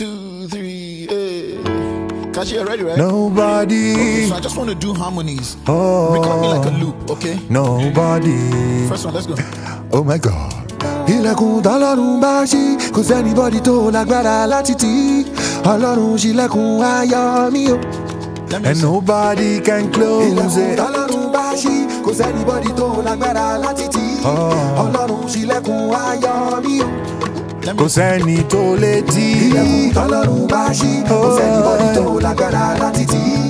two, three, eh. you ready, right? Nobody. Okay, so I just want to do harmonies. Oh. Record like a loop, okay? Nobody. First one, let's go. Oh my God. ilẹ̀kùn tọ́lọ́run bá ṣí kò sẹ́nibọ́dì tó lágbára láti tì í ọlọ́run ṣílẹ̀kùn ayọ̀ mi o. ilẹ̀kùn tọ́lọ́run bá ṣí kò sẹ́nibọ́dì tó lágbára láti tì í oh. ọlọ́run ṣílẹ̀kùn ayọ̀. kò sẹ́ni tó lè tì í. ilẹ̀kùn bá ṣí kò sẹ́ni bọ́dí tó lágbára láti tì í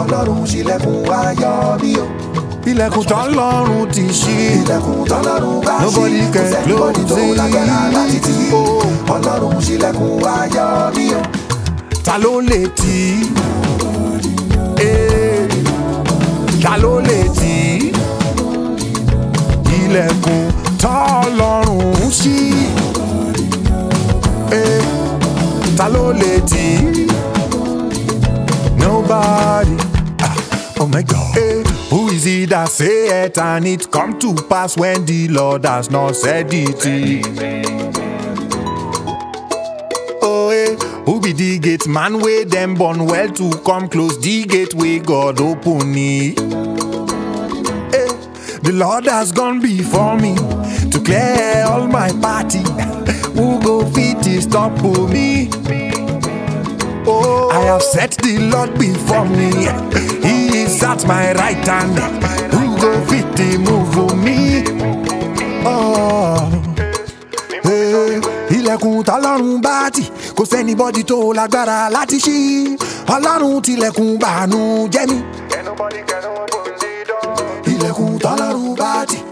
ọlọ́run ṣílẹ̀kùn ayọ̀ bí o ilẹ̀kùn tán ti ṣí. ilẹ̀kùn tán bá ṣí nobody can close it. ọlọ́run ṣílẹ̀kùn ayọ̀ bí o. ta ló lè tì í. ta ló lè tì í nobody ah, oh my god. Hey. Eh, who is it that say it and it come to pass when the Lord has not said it? Oh, eh. Who be the gate man Where them born well to come close the gate way God open it? Eh. The Lord has gone before me to clear all my party stop me. Oh, I have set the Lord before me. He is at my right hand. Who go fit the move me? Oh, hey, eh, ilẹ̀kùn tọ́lọ́run bá tì kò sẹ́nibọ́dì tó lágbára láti ṣí ọlọ́run tilẹ̀kùn bàánú jẹ́mi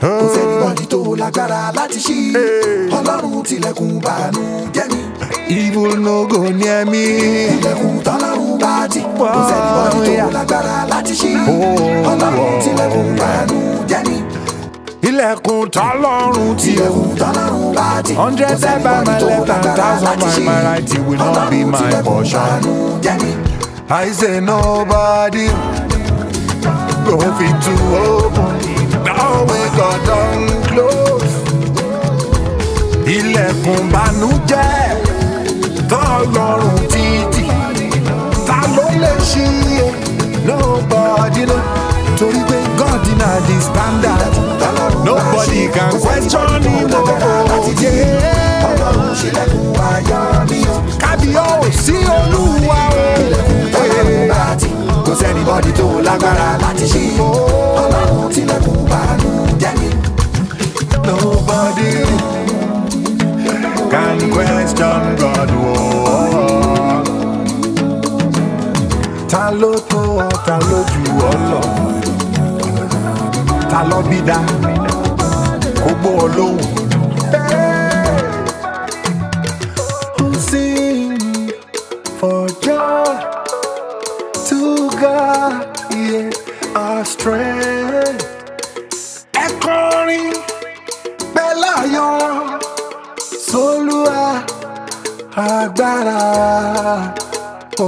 kò sẹ́nìbọ̀dì tó lágbára láti ṣí ọlọ́run tilẹ̀kùn bàánú jẹ́ mi. Evil no go near me. Ilẹ̀kùn tọ́lọ́run bá ti. Kò sẹ́nìbọ̀dì tó lágbára láti ṣí oh, ọlọ́run tilẹ̀kùn bàánú jẹ́ mi. Ilẹ̀kùn tọ́lọ́run ti. Ilẹ̀kùn tọ́lọ́run bá ti. Hundred ever my left and thousand by my right it will not be my portion. I say nobody go fit to open door wey God don close. Ilẹ̀kùn bànújẹ́ tọ́lọ́run títì. Ta ló lè ṣí iye? Nobody know. Torí pé God na the standard. Nobody can question him o. Ọlọ́run ṣílẹ̀kùn ayọ̀ ni o. Kábíyọ̀sí Olúwa o. Ilẹ̀kùn bàtí kò sẹ́ni bọ́dí tó lágbára láti ṣí. ta ló tó ọ̀tá lójú ọlọ ta ló bí dá kó gbọ́ ọ lóhùn. Sing for joy to God, yeah, strength. Ẹ kọrin pẹ̀lú ayọ̀ sólúwa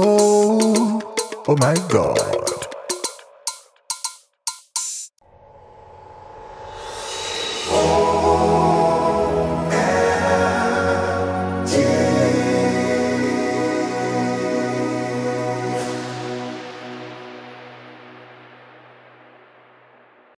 Oh. Oh my god.